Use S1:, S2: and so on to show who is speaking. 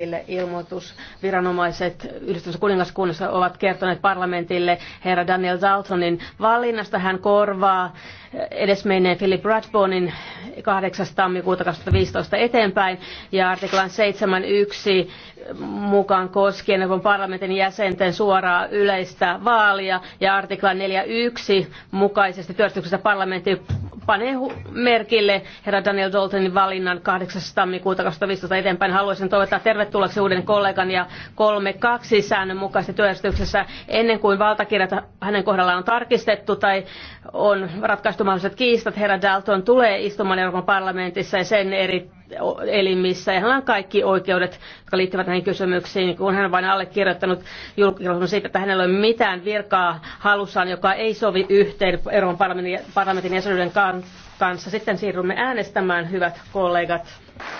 S1: ilmoitus ilmoitusviranomaiset yhdistyneessä kuningaskunnassa ovat kertoneet parlamentille herra Daniel Daltonin valinnasta. Hän korvaa edesmenneen Philip Radbonin 8. tammikuuta 2015 eteenpäin ja artiklan 7.1 mukaan koskien Euroopan parlamentin jäsenten suoraa yleistä vaalia ja artiklan 4.1 mukaisesti työstyksestä parlamentti panee merkille herra Daniel Daltonin valinnan 8. tammikuuta 2015 eteenpäin. Haluaisin toivottaa tervetulleeksi uuden kollegan ja kolme kaksi säännön mukaisesti työjärjestyksessä ennen kuin valtakirjat hänen kohdallaan on tarkistettu tai on ratkaistu mahdolliset kiistat. Herra Dalton tulee istumaan Euroopan parlamentissa ja sen eri elimissä. Ja hän on kaikki oikeudet, jotka liittyvät näihin kysymyksiin, kun hän on vain allekirjoittanut julkilausun siitä, että hänellä ei ole mitään virkaa halussaan, joka ei sovi yhteen Euroopan parlamentin, parlamentin jäsenyyden kanssa. Sitten siirrymme äänestämään, hyvät kollegat.